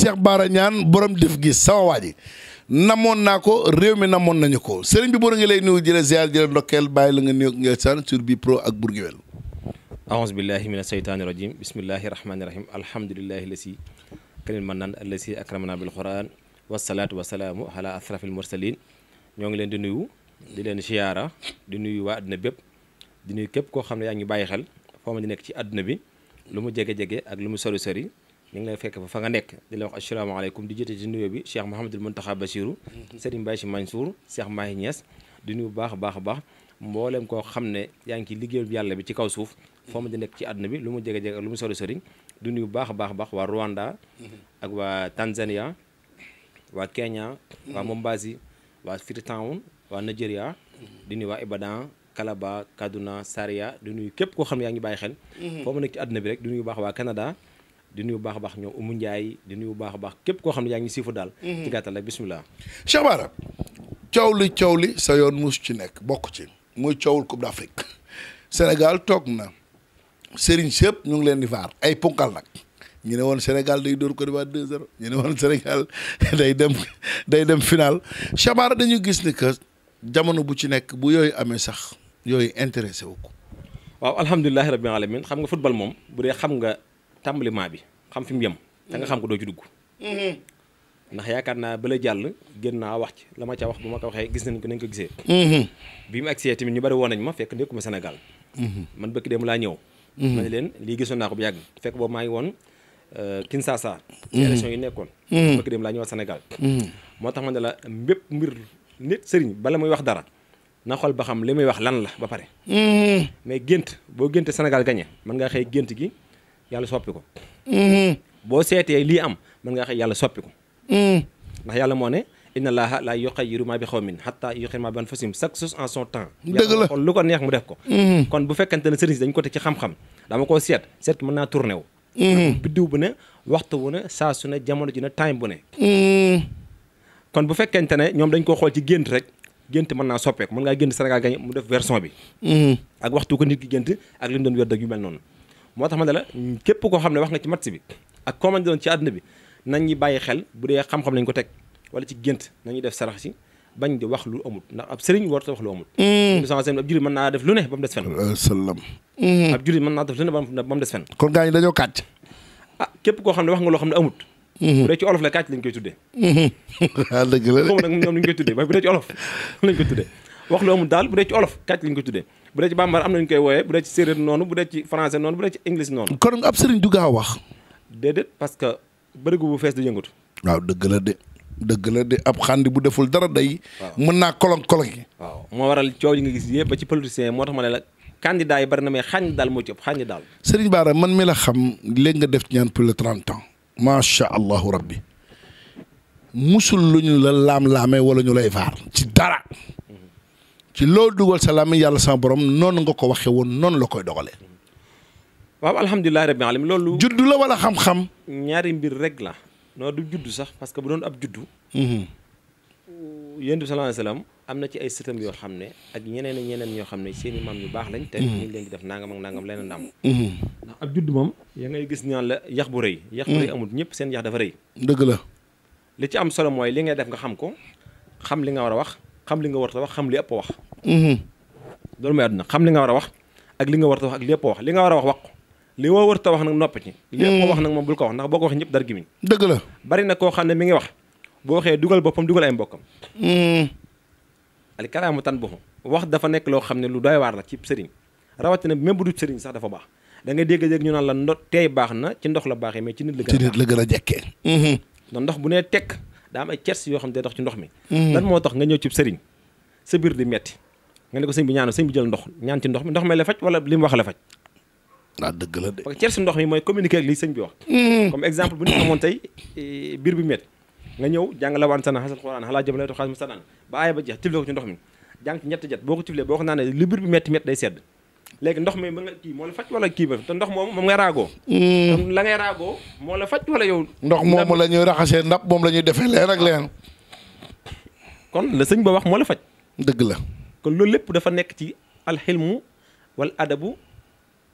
Cheikh Baara Ñaan borom def gis sama waa na namoon naa ko réew mi namoon nañu ko sëriñ bi boo ngi lay nuyu jële ziar jële ndokkeel bàyyi la nga nuyu nga saan sur bi pro ak Bourguiwel aouzu billahi min asheytaani rajim bismillahi rahmaani rahim alhamdulilahi lasi kanil man naan allasi akramana bil quran wasalaatu wasalaamu ala ashrafil mursalin ñoo ngi leen di nuyu di leen siyaara di nuyu waa àdduna bépp di nuyu képp koo xam ne yaa ngi bàyyi xel foo ma di nekk ci àdduna bi lu mu jege-jege ak lu mu sori sori ñu ngi lay fekk fa nga nekk di la wax asalaamaaleykum di jotee ci nuyoo bi Cheikh Mouhamadul Mountakha Bassirou Serigne Mbaye Sy Mansour Cheikh Mahi Niass di baax a baax a baax mboolem koo xam ne yaa ngi ci liggéeyu yàlla bi ci kaw suuf foo ma di nekk ci àdduna bi lu mu jege jege ak lu mu sori sori duni bu baax a baax a baax waa Rwanda ak waa Tanzania waa Kenya waa Mombasi waa Freetown waa Nigeria di nuyu waa Ibadan Kalaba Kaduna Saria di nuyu képp koo xam yaa ngi bàyyi xel mm-hmm. di nuyu baax a baax ñoom Oumou Ndiaye di nuyu baax a baax képp koo xam ne yaa ngi siifu daal. Mhm. ci gàttal rek bisimilah. Cheikh Bara coow li coow li sa yoon mus ci nekk bokk ci muy coowul Coupe d'Afrique Sénégal toog na Serigne Sepp ñu ngi leen di vaar ay punkal nag ñu ne woon Sénégal day dóor ko d'Ivoire 2-0 ñu ne woon Sénégal day dem day dem final Cheikh Bara dañu gis ni que jamono bu ci nekk bu yooyu amee sax yooyu intéressé wu ko. waaw alhamdulilah rabbil alamin xam nga football moom bu dee xam nga. tàmbaliment bi xam fi mu yem te nga xam ko doo ci dugg mm-hmm. ndax yaakaar naa bala jàll gën naa wax ci la ma ca wax bu ma ko waxee gis nañ ko nañ ko gisee mm-hmm. bi mu agsee tamit ñu bari woon nañ ma fekk nekkuma Sénégal mm-hmm. man bëkk dem laa ñëw ma ne leen lii gisoon bu yàgg fekk boobu maa ngi woon euh, Kinshasa élection yi nekkoon bëkk dem laa ñëwaat Sénégal moo tax ma ne la mbépp mbir nit sëriñ bala muy wax dara na xool ba xam li muy wax lan la ba pare mais gént boo génte Sénégal gagné mën ngaa xëy gént gi yàlla soppi ko mm-hmm. boo seetee lii am mën nga xëy yàlla soppi ko mm-hmm. ndax yàlla moo ne inna allaha la yuxayyiru ma bi xawmin hatta yuxayyiru ma bi anfusihim chaque chose en son temps dëgg la kon ko neex mu def ko mm-hmm. kon bu fekkente ne sëriñ si dañ ko teg ci xam-xam dama koo seet seet ki mën naa tourné wu biddiw bu ne waxtu bu ne saa su ne jamono ji ne time bu ne kon bu fekkente ne ñoom dañ koo xool ci gént rek gént mën naa soppeeku mën ngaa gént Sénégal gañ mu def version bi ak waxtu ko nit ki gént ak li mu yu mel noonu moo tax ma ne la képp koo xam ne wax nga bu dee xam-xam lañ ko teg wala ci gént nañu si bañ di wax lu amul ndax ab sëriñ warut a wax lu amul. Mm. lu ne ba mu des fen. salaam. Mm. ab jullit mën ne ba mu ah, loo xam ne amut. Mm-hmm. bu dee ci olof la kàcc lañ koy tuddee. ah dëgg la ñoom ñu koy tuddee bu dee ci olof lañ koy tuddee. wax lu amul daal bu dee ci olof kàcc lañ ko tuddee bu dee ci bambara am nañu koy wooyee bu dee ci séeréer noonu bu dee ci français noonu bu dee ci english noonu kon ab sëriñ du wax déedéet parce que bërigo bu fees di yëngatu waaw dëgg la de dëgg la de ab xandi bu deful dara day mën naa kolong kolong waaw moo waral coow yi nga gis yëpp ba ci politicien moo tax ma ne la candidat yi bari na may xàññ daal moo ci ëpp xàññ daal sëriñ baara man mi la xam léegi nga def ci ñaan plus de trente ans macha allahu rabbi musul lu ñu la laam-laamee wala ñu lay ci dara ci loolu dugal sa làmmiñ yàlla sama borom noonu nga ko waxee woon noonu la koy dogalee. waaw alhamdulilah rabbil alamin loolu. juddu la wala xam-xam. ñaari mbir rek la. non du juddu sax parce que bu doon ab juddu. Mhm. yéen bi sallallahu alayhi wasallam am na ci ay sëtam yoo xam ne ak ñeneen ñeneen ñoo xam ne seen i maam yu baax lañ. te mhm. ñu def nangam ak nangam leneen ndam. Mhm. ndax ab judd moom. yaa ngay gis ñaan la yax bu rëy. yax bu rëy amul ñëpp seen yax dafa rëy. dëgg la. li ci am solo mooy li ngay def nga xam ko xam li nga war a wax xam li nga warta wax xam li ëpp wax. Mhm. loolu mooy àdduna xam li nga war a wax ak li nga war a wax ak lépp wax li nga war a wax wax ko li woo war ta wax nag noppi ci lépp wax mhm. nag moom bu ko wax ndax boo ko waxee ñëpp dar dëgg la bari na koo xam ne mi ngi wax boo waxee dugal boppam dugal ay mbokkam mhm. alikalaamu tan boxu wax dafa nekk loo xam ne lu doy waar la ci sëriñ rawatina même bu du sëriñ sax dafa baax da nga dégg-dégg ñu naan la ndo teey baax na ci ndox la baaxee mais ci nit la gën a ci la gën a jekkee ndax ndox bu ne tekk daa am ay cers yoo xam ne day dox ci ndox mi lan moo tax nga ñëw ci sëriñ sa biir di metti nga ne ko sëñ bi ñaanu sëñ bi jël ndox ñaan ci ndox mi ndox mi la faj wala li wax la faj waaw ah, dëgg la de parce que mi mooy communiquer ak li sëñ bi wax mm-hmm. comme exemple eh, bi met nga ñëw jàng la waan sana xasal xuraan xalaa jëmale to xaas mu sanaan ba aaya ba jeex tifle ko ci ndox mi jàng ci ñetti jet boo ko tiflee boo ko naanee li biir sedd léegi ndox mi ma nga kii moo la wala kii ba te ndox moom moom ngay raagoo mm-hmm. la ngay raagoo moo la faj wala yow ndox moomu la ñuy raxasee ndab moom la ñuy defee leen rek leen kon la sëñ ba wax moo la faj dëgg la kon loolu lépp dafa nekk ci alxilmu wal adabu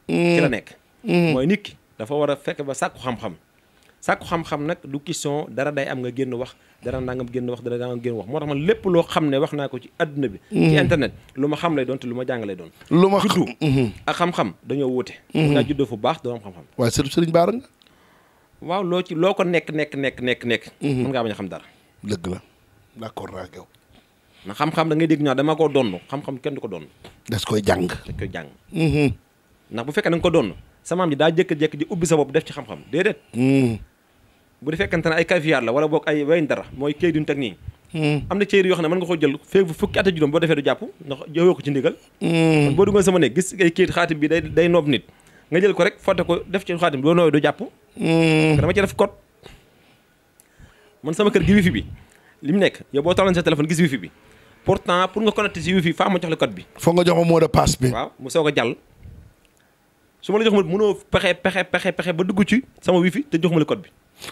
ci la mm. nekk mm. mooy nit ki dafa war a fekk ba sàkku xam-xam sàkku xam-xam nag du question dara day am nga génn wax dara nangam génn wax dara nangam génn wax moo tax man lépp loo xam ne wax naa ko ci adduna bi ci mm. internet lu ma xam lay doon te lu ma jàng lay doon lu ma juddu mm-hmm. ak xam-xam dañoo wuute mm-hmm. mun naa juddoo fu baax doo am xam-xam waaye sëriñ sëriñ nga waaw loo ci loo ko nekk nekk nekk nekk nekk mm-hmm. ngaa bañ a xam dara dëgg la d'accord naa na xam-xam da ngay dégg ñu dama koo donn xam-xam kenn du ko donn das koy jàng da koy jàng mm-hmm. ndax bu fekkee da ko donn sa maam ji daa jékki-jékk di ubbi sa bopp def ci xam-xam déedéet mm-hmm. bu di ne ay kafiyaar la wala boog ay weyn dara mooy këy duñ teg nii mm-hmm. am na ceyri yoo xam ne mën nga ko jël feeg fukki at a juróom boo defee du jàpp ndax ko ci ndigal kon boo duggoon sama ne gis ay këyit xaatim bi day day noob nit nga jël ko rek fotte ko def ci xaatim boo noowee du jàpp dama ci def code man sama kër gi wifi bi li mu nekk yow boo taalan sa téléphone gis wifi bi pour nga pour si wifi faa ma jox bi. foog nga jox ma mot de passe bi. waaw mu soog a jàll su ma la jox ma mënoo pexe pexe pexe pexe ba dugg ci sama wifi te jox ma la code bi.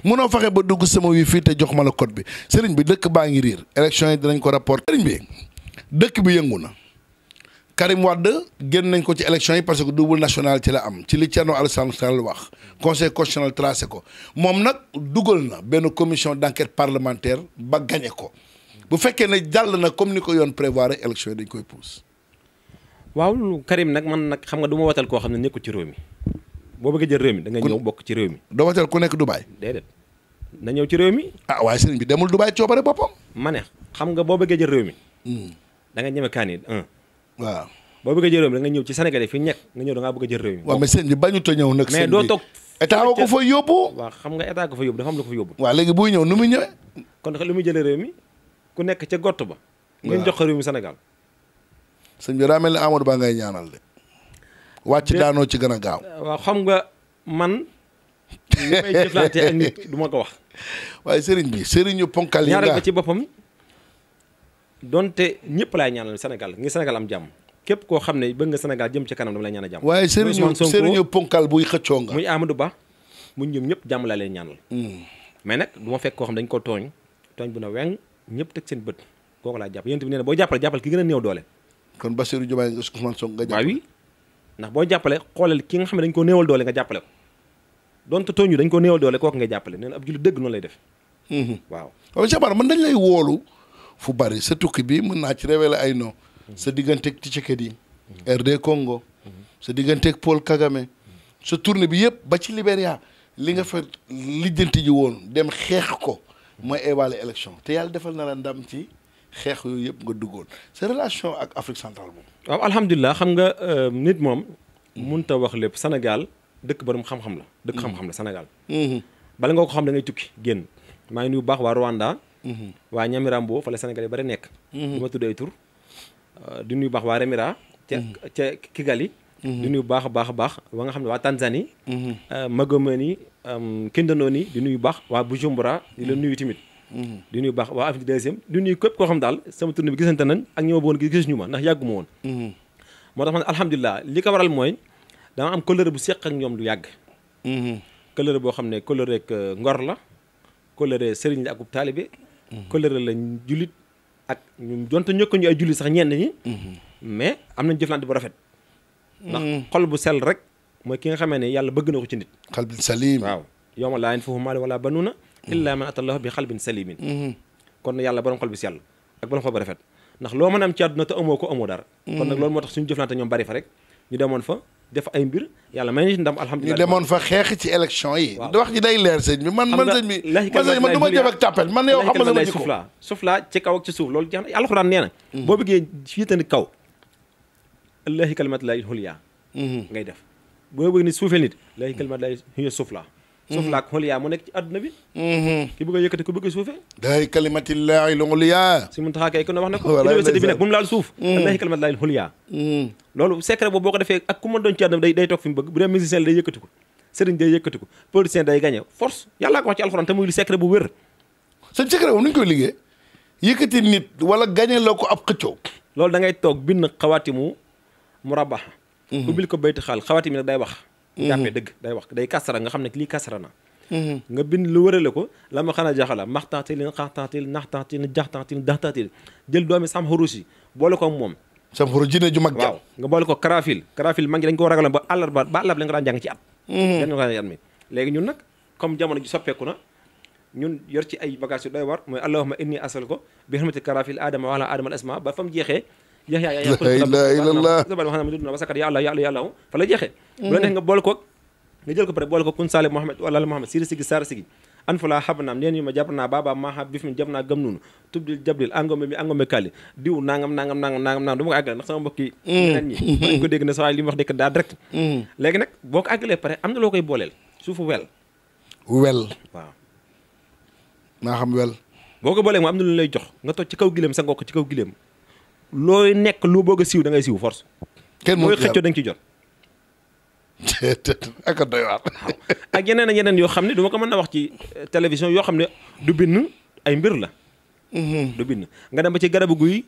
mënoo fexe ba dugg sama wifi jox ma code bi sëriñ bi dëkk baa ngi riir élection yi dinañ ko rapport sëriñ bi dëkk bi yëngu na Karim Wade génn nañ ko ci élection yi parce que double national ci la am ci li Thierno Alassane Sall wax conseil constitutionnel tracé ko moom nag dugal na benn commission d' enquête parlementaire ba gagné ko. bu fekkee ne jàll na comme ni ko yoon prévoir élection yi dañ koy pousse. waaw Karim nag man nag xam nga du ma watal koo xam ne nekkul ci réew mi boo bëgg jël réew mi da nga bokk ci réew mi. doo watal ku nekk Dubaay. déedéet na ñëw ci réew mi. ah waaye sëriñ bi demul Dubaay coobare boppam. ma ne xam nga boo bëggee jël réew mi. Hmm. danga nga ñeme kaan yi un. waaw ñëw ci Sénégal yi fi nekk nga ñëw da bëgg a jël réew mi. waaw mais sëriñ bi bañu ta ñëw nag. mais doo toog état ko fa yóbbu. waaw xam nga état ko fa yóbbu dafa am lu ko fa yóbbu. waaw léegi buy ñëw nu muy ñëwee. kon lu muy jëlee réew mi ku nekk ca gott ba. ngeen jox ko réew mi Sénégal. daa mel ni Amadou Ba ngay ñaanal de. wàcc daanoo ci gën a gaaw. Euh, waaw xam nga man. li may ko wax. waaye sëriñ bi sëriñu ponkal yi ñaareel ci boppam. doonte ñëpp laay ñaanal senegal ngi Sénégal am jàmm. képp koo xam ne bëgg nga Sénégal jëm ci kanam dama lay ñaan a jàmm. waaye sëriñu sëriñu ponkal buy xëccoo nga. muy Amadou Ba mu ñoom ñëpp jàmm laa leen ñaanal. Hmm. mais nag du fekk koo xam dañ ko tooñ tooñ bu na weng ñëpp teg seen bët kooku laa jàpp yonent bi nee boo jàppale jàppale ki gën a doole kon Bassirou Diomaye Ousmane Sonko nga jàppale waaw ndax boo jàppale xoolal ki nga xam ne dañ ko néewal doole nga jàppale ko donte tooñu dañ ko néewal doole kooku nga jàppale nee na ab jullit dëgg noonu lay def mhm. waaw waaw Cheikh Bara man dañ lay woolu fu bari sa tukki bi mën naa ci révéler ay nom mhm. sa digganteeg yi mhm. RD Congo sa digganteeg Paul Kagame sa tourne bi yëpp ba ci Libéria li nga fa lijjanti ji woon dem xeex ko mooy évaluer élection te yàlla defal na la ndam ci xeex yooyu yëpp nga duggoon sa relation ak Afrique centrale boobu. waaw alhamdulilah xam nga euh, nit moom. mënut ta wax lépp Sénégal dëkk borom xam-xam la. dëkk mm-hmm. xam-xam la Sénégal. Mm-hmm. bala nga ko xam da ngay tukki génn. maa ngi nuyu baax waa Rwanda. Mm-hmm. waa Nyamirambo fa la Sénégal yi bari nekk. du ma tudd ay tur euh, di nuyu baax waa Remira. ca ca Kigali. Mhm. di nuyu baax a baax a baax ba nga xam ne waa Tanzanie. Mhm. Euh, Magomeni euh, Kindanoni di nuyu baax waa Bujumbura di la mhm. nuyu tamit. di nuyu baax waa Afrique deuxième di nuyu képp koo xam daal sama tournée bi gisante nañ ak ñi ma bëggoon gis ñu ma ndax yàggu ma woon. moo tax man alhamdulilah li ko waral mooy dama am couleur bu seq ak ñoom lu yàgg. couleur boo xam ne couleur rek euh, ngor la couleur sëriñ la ak taalibe. couleur lañ jullit ak ñu donte ñëkk ñu ay jullit sax ñenn ñi. mais am nañ jëflante bu rafet. ndax mm. xol bu sel rek mooy ki nga xamee ne yàlla bëgg na ko ci nit xalbin salim waaw yowma laa yanfahu maal wala banuuna illa man atallahu bi xalbin salimin mm-hmm. kon yàlla borom xol bu sel ak borom xol bu rafet ndax loo mën am ci àdduna te amoo ko amoo dara kon nag mm-hmm. loolu moo tax suñu jëflante ñoom bari fa rek ñu demoon fa def ay mbir yàlla may nañu ndam alhamdulilah ñu demoon fa xeex ci élection yi wax ji day leer sëñ bi man man sëñ bi man du ma jëf ak tàppet man yow xam nga sama jikko suuf laa suuf laa ci kaw ak ci suuf loolu jeex na alxuraan nee na mm. boo bëggee fii tani kaw allaahi kalimat laay mhm. mhm. mhm. a yëkkati ku a suufee allaahi kalimatillahi xulyaa si mun taxaa kay kon na bi nag bu mu laal suuf allaahi kalimat laay loolu secret boobu boo ko defee ak ku mën doon ci àdduna bi day toog fi mu bëgg bu dee musicien la day yëkkati ko sëriñ day yëkkati ko politicien day gagné force yàllaa ko wax ci alxuraan te muy secret bu wér seen secret moom nu koy liggéey yëkkati nit wala gagné loo ko ab xëccoo loolu da toog bind xawaatimu murabaha mhm. ubbil ko bayti xaal xawati mi nag day wax mhm. jàppee dëgg day wax day kasara nga xam ne lii kasara na mhm. nga bind lu wërale ko la ma xanaa jaxala maxtaxtil xaxtaxtil naxtaxtil jaxtaxtil daxtaxtil jël doomi sam xurus yi boole ko moom sam xurus jinne ju mag waaw nga boole ko karafil karafil mag ñi dañ ko ragaloon ba àllarba ba àllarba la nga daan jàng ci at yan ñun nag comme jamono ji soppeeku na ñun yor ci ay bagage yu doy war mooy allahumma inni asal ko bi xamati karafil yéex yaa yaa yaa maanaam dund na ba sakkat yàlla yàlla yàlla fa mm. la jeexee bu la neex nga boole ko nga jël ko pare boole koog kun saale Mohamed wala Mohamed siri sigi saara sigi an fa laa xab naam neen yu ma jàpp naa baaba maaha bif mi jàpp naa gëm noonu tubdil jablil angombe mi angombe kali diw nangam nangam nangam nangam nangam du ma ko àggale ndax sama mbokki ñeneen mm. ñi dañ ko dégg ne sa waay li mu wax dëkk daa mm. léegi nag boo ko àggalee pare am na loo koy booleel suufu wel wel waaw maa xam wel boo ko boolee mu na lu lay jox nga toj ci kaw gileem sa ngokk ci kaw gileem looy nekk lu bëgg a siiw da ngay siiw force. kenn mooy xëccoo ci jot. ak a ak yeneen yeneen yoo xam ne du ko mën a wax ci euh, télévision yoo xam ne du bind ay mbir la. Mm-hmm. du bind nga dem ba ci garabu guy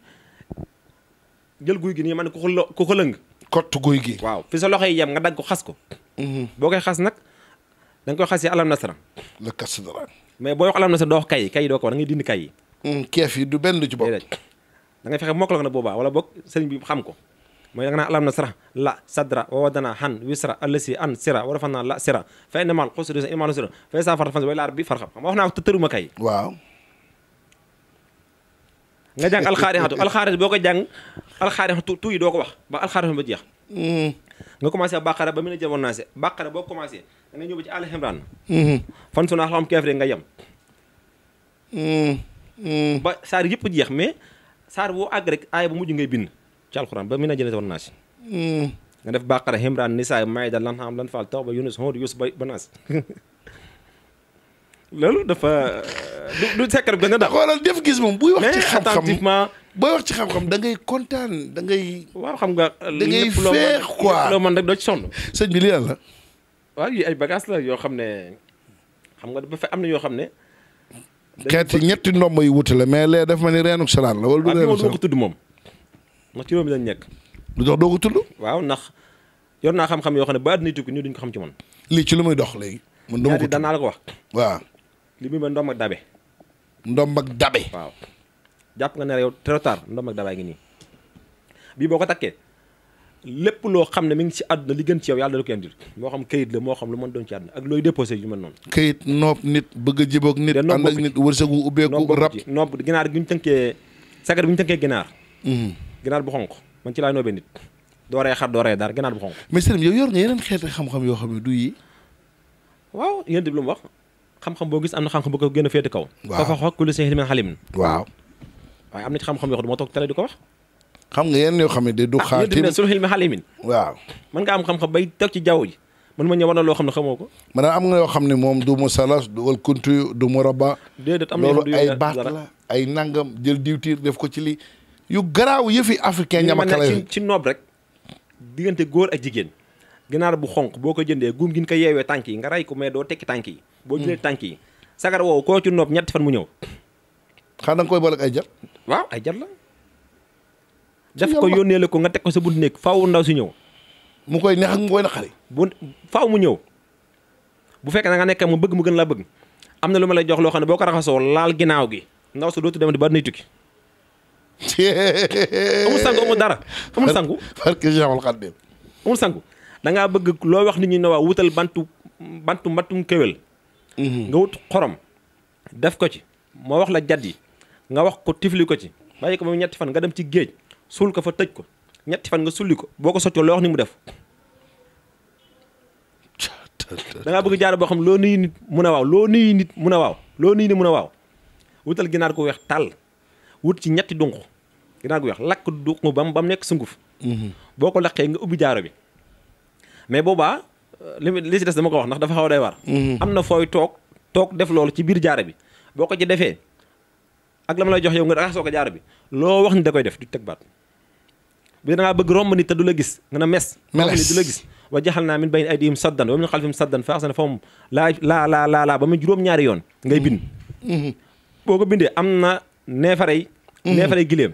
jël guy gi nii man ne ko ku ko lëng. kott guy gi. waaw fi sa loxo yi yem nga dagg ko xas ko. Mm-hmm. boo koy xas nag da nga koy xas yi alam nasaraan. la kas dara mais boo wax alam nasaraan doo wax kay yi kay yi doo ko war da dindi kay yi. Mm, keef yi du benn ci bopp. da ngay fexe mokkal ko nag boobaa wala boog sëriñ bi xam ko mooy da nga naan alam na sara la sadra wa wadana han wisra allasi an sira wa rafana la sira fa inna mal xusri sa imaanu sira fa sa farta fan way laar bi farxam xam wax naa ko te tëruma kay waaw nga jàng alxaarixatu alxaarixatu boo ko jàng alxaarixatu tu yi doo ko wax ba alxaarixatu ba jeex hmm. nga commencé bàqara ba mu ne jamoon naase bàqara boo commencé da nga ñëw ba ci àll ximraan hmm. fan su naa xam keef nga yem hmm. ba saar yëpp jeex saar woo àgg rek aaya bu mujj ngay bind ci alxuraan ba mi a jëlee woon naa si nga def bàqara himraan nisaa maayda lan xam lan faal tawba yunus hóod yus ba banaas loolu dafa du sekkar bi da nga dax gis moom buy wax ci xam-xam attentivement booy dangay ci xam-xam waaw xam nga da ngay feex quoi loo mën rek doo ci waaw yi ay bagage la yoo xam ne xam nga dafa am na yoo xam ne xeeti ñetti ndomb yu wuti la mais lee def ma ni reenuk salaan la wala du reenu salaan ko tudd moom ndax ci réew mi lañ nekk lu tax waaw ndax yoon naa xam-xam yoo xam ne ba àddina tukki ñu duñ ko xam ci man lii ci lu muy dox léegi man dama ko danaa la wax waaw li muy ma ndomb ak dabe ndomb ak dabe jàpp nga ne yow trop tard ndomb ak dabe ngi nii bii boo ko takkee lépp loo xam ne mu ngi ci àdduna li gën ci yow yàlla da ko indil moo xam kayit la moo xam lu mën doon ci àdduna ak looy déposé yu mel noonu kayit noob nit bëgg a jiboog nit ànd ak nit wërsëgu ubbeeku rab noob ginaar gi ñu tënkee sagar bi ñu tënkee ginaar mhm. bu xonq man ci laay noobee nit doo rey xar doo rey daar ginaar bu xonq mais sëriñ yow yor nga yeneen xeeti xam-xam yoo xam ne du yi waaw yéen di lu mu wax xam-xam boo gis am na xam-xam bu ko gën a kaw ko fa xoog ku li sa xam-xam yoo xam ne toog télé ko xam nga yenn yoo xam ne de du ah, xaatim ah sulhil mi xalimin waaw mën nga am xam-xam bay toog ci jaww ji mën ma ñëw na loo xam ne xamoo ko maanaam am nga yoo xam ne moom du mu salas du wal kuntu du mu raba am loolu ay baat la ay nangam jël diwtiir def ko ci lii yu garaaw yëfi africain ñamaka la ci noob rek diggante góor ak jigéen ganaar bu xonq boo ko jëndee guum gi ko yeewee tànk yi nga rey ko mais doo tekki tànk yi boo jëlee mm. tànk yi sagar woowu koo ci noob ñetti fan mu ñëw xanaa da nga koy boole ay jal waaw ay jar la def ko yónnee la ko nga teg ko sa bunt néeg faaw ndaw si ñëw. mu koy neex ak mu koy naqari. bu faaw mu ñëw bu fekkee na nga nekk mu bëgg mu gën laa bëgg am na lu ma lay jox loo xam ne boo ko raxasoo laal ginnaaw gi ndaw si dootu demati ba nay tukki. amul sangu amul dara amul sangu. parce que Cheikhoul Khadim amul sangu da bëgg loo wax nit ñi ne waa wutal bantu bantu mbattum kéwél. Mhm. nga wut xorom def ko ci moo wax la jat yi nga wax ko tifli ko ci bàyyi ko ba ñetti fan nga dem ci géej suul ko fa tëj ko ñetti fan nga sulli ko boo ko soccoo loo wax ni mu def da bëgg jaaro boo xam loo nuyu nit mën a waaw loo nuyu nit mun a waaw loo nuyu nit mun a waaw wutal ginaar gu weex tàll wut ci ñetti dunq ginaar gu weex lakk dunq bam ba mu nekk sunguf mhm. boo ko laqee nga ubbi jaaro bi mais boobaa euh, li li si des dama ko wax ndax dafa xaw a doy war mhm. am na fooy toog toog def loolu ci biir jaaro bi boo ko ci defee ak la ma lay jox yow nga raxasoo ko jaaro bi loo wax ni da koy def du teg baat bu dee da ngaa bëgg romb nit te du la gis nga na mes romb du la gis wa jaxal naa min bayni aydihim saddan wa min saddan fa axsana fahum laa laa laa laa juróom-ñaari yoon ngay bind mm-hmm. boo ko bindee am na neefarey mm-hmm. neefarey giléem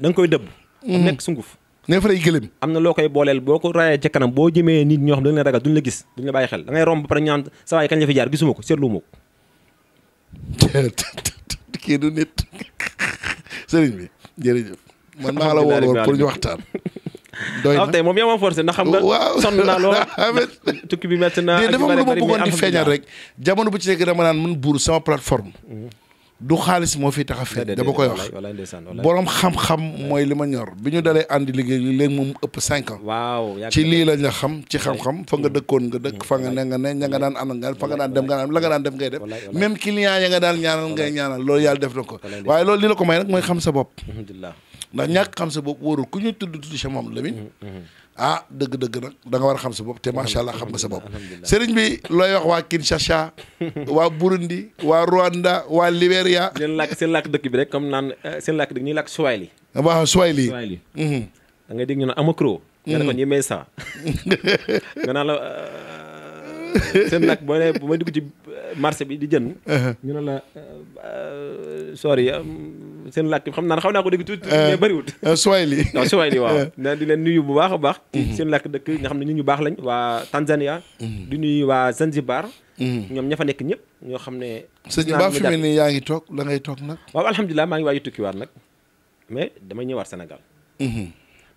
da nga koy dëbb mm-hmm. nekk sunguf neefarey giléem am na loo koy booleel boo ko raayee ci kanam boo jëmee nit ñoo xam ne dañ la ragal duñ la gis duñ la bàyyi xel dangay ngay romb ba pare ñaan sa waay kañ la fi jaar gisuma ko kii du nit sëriñ bi jërëjëf. man maa la woowoon pour ñu waxtaan. doy ah, na tey moom yaa ma forcé ndax xam nga. waaw sonn naa lool ah, tukki bi métti naa. ak yu bëri bëri mais dafa am lu ma bëggoon di feeñal rek. jamono bu ci nekk dama naan mën buur sama plateforme. Mm-hmm. du xaalis moo fi tax a feeñ dama koy wax borom xam-xam mooy li ma ñor bi ñu dalee àndi liggéey li léegi moom ëpp cinq ans waaw ci lii la nga xam ci xam-xam fa nga mm. dëkkoon nga dëkk fa nga mm. ne nga ne ña nga daan ànd nga fa nga daan dem nga daan la nga daan def ngay def même client ya nga daan ñaanal ngay ñaanal loolu yàlla def na ko waaye loolu li la ko may nag mooy xam sa bopp alhamdulilah ndax ñàkk xam sa bopp wóorul ku ñu tudd tudd sa moom Lamine mm, ah dëgg-dëgg nag da nga war a xam sa bopp te macha allah xam nga sa bopp sëriñ bi looy wax waa Kinshasa waa Burundi waa Rwanda waa Libéria. seen làkk seen làkk dëkk bi rek comme naan eh, seen làkk dëkk ñuy làkk Swahili. waaw Swahili Swahili. Mhm. da ngay dégg ñu ne Amakro. nga ne ko mhm. ñemee saa seen nag boo nee bu ma dugg ci euh, marché bi di jën uh-huh. ñu ne la euh, euh, sorry seen làkk xam naa ne xaw naa ko dégg tuuti mais bëriwut. Uh-huh. Uh, Swahili waaw Swahili uh-huh. waaw. na di leen nuyu bu baax a baax. seen làkk dëkk nga xam ne nit ñu baax lañ waa Tanzania. di nuyu waa Zanzibar. ñoom ña fa nekk ñëpp ñoo xam ne. sëñ bi fi mel yaa ngi toog la ngay toog nag. waaw alhamdulilah maa ngi waaj a tukkiwaat nag mais damay ñëwaat senegal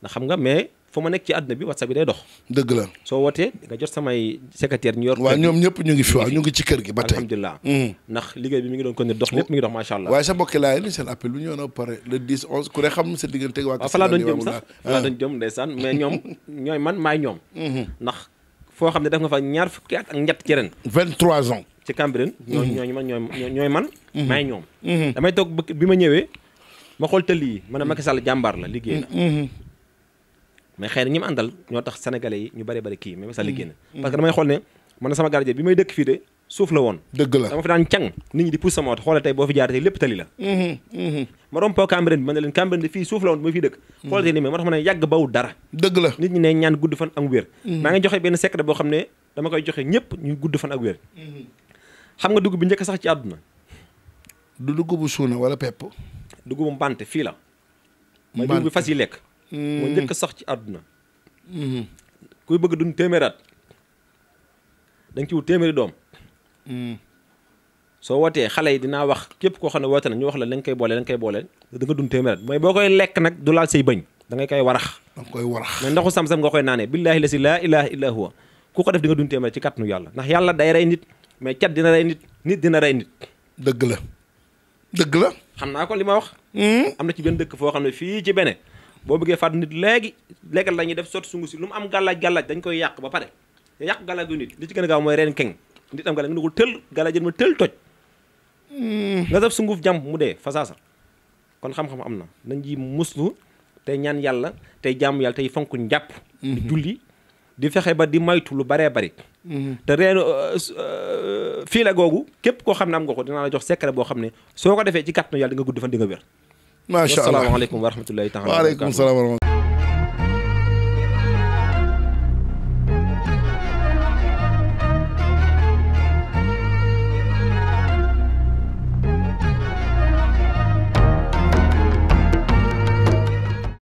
ndax xam nga mais. fa ma nekk ci àdduna bi whatsapp bi day dox. dëgg la soo wootee nga jot samay secrétaire ñu yor. waaw ñoom ñëpp ñu ngi fi waaw ñu ngi ci kër gi ba tey alhamdulilah. Mm. ndax liggéey bi mi ngi doon continuer dox dox macha allah. waaye sa mbokki laa ni seen appel bu ñu woon pare ñoom mm-hmm. ndax foo xam ne def nga fa ñaar fukki at ak ñett ci ren. 23 ans. ci Cambérène. Mm-hmm. ñooy man. Mm-hmm. maay ñoom. damay toog bi ma ñëwee ma xool tëli yi ma ne jàmbaar la liggéey na mais xëy na ñi mu àndal ñoo tax sénégalais yi ñu bari bari kii mais Massaly mm. génn mm. parce que damay xool ne man sama gardien bi may dëkk fii de suuf la woon dëgg la dama fi daan càng nit ñi di pousse sama oto xoolal tey boo fi jaar tey lépp tali la mm-hmm. Mm-hmm. ma rompoo Cambérène bi man ne leen Cambérène de fii suuf la woon bi ma fii dëkk mm. xoolal tey nii mais moo tax ma ne yàgg bawul dara dëgg la nit ñi ne ñaan gudd fan ak wér maa ngi joxe benn secret boo xam ne dama koy joxe ñëpp ñu gudd fan ak wér mm-hmm. xam nga dugub bi njëkk sax ci àdduna du dugub bu suuna wala pepp dugub bu mbante fii la mooy dugub bi fas yi lekk moo hmm. njëkk sax ci àdduna hmm. kuy bëgg dund téeméeraat da nga ci wut téeméeri doom hmm. soo wootee xale yi dinaa wax képp koo xam ne woote na ñu wax la la koy boole la nga koy boole da nga dund téeméeraat mooy boo koy lekk nag du laal say bëñ da ngay koy warax da koy warax mais ndaxu sam-sam nga koy naanee billaahi la si laa ilaha illa huwa ku ko def di nga dund téeméeraat ci kàttanu yàlla ndax yàlla day rey nit mais cat dina rey nit nit dina rey nit dëgg la dëgg la xam naa ko li ma wax am na ci benn dëkk foo xam ne fii ci bene boo bëggee faat nit léegi léegal la ñuy def sot sunguf si lu mu am gàllaaj gàllaaj dañ koy yàq ba pare yàq gàllaaj gu nit li ci gën a gaaw mooy reen keng nit am gàllaaj nga ne ko tël gàllaaj jën ma tël toj hmm. nga def sunguf jàmm mu dee fa saasa kon xam-xam am na nañ ji muslu tey ñaan yàlla tey jàmm yàlla tey fonk njàpp di hmm. julli di fexe ba di maytu lu baree bari hmm. te reenu euh, euh, euh, fii la googu képp koo xam ne am nga ko dinaa la jox secret boo xam ne soo ko defee ci kàttanu yàlla nga gudd fan di macha allah asalaamaaleykum wa rahmatullahi taala waaleykum salaam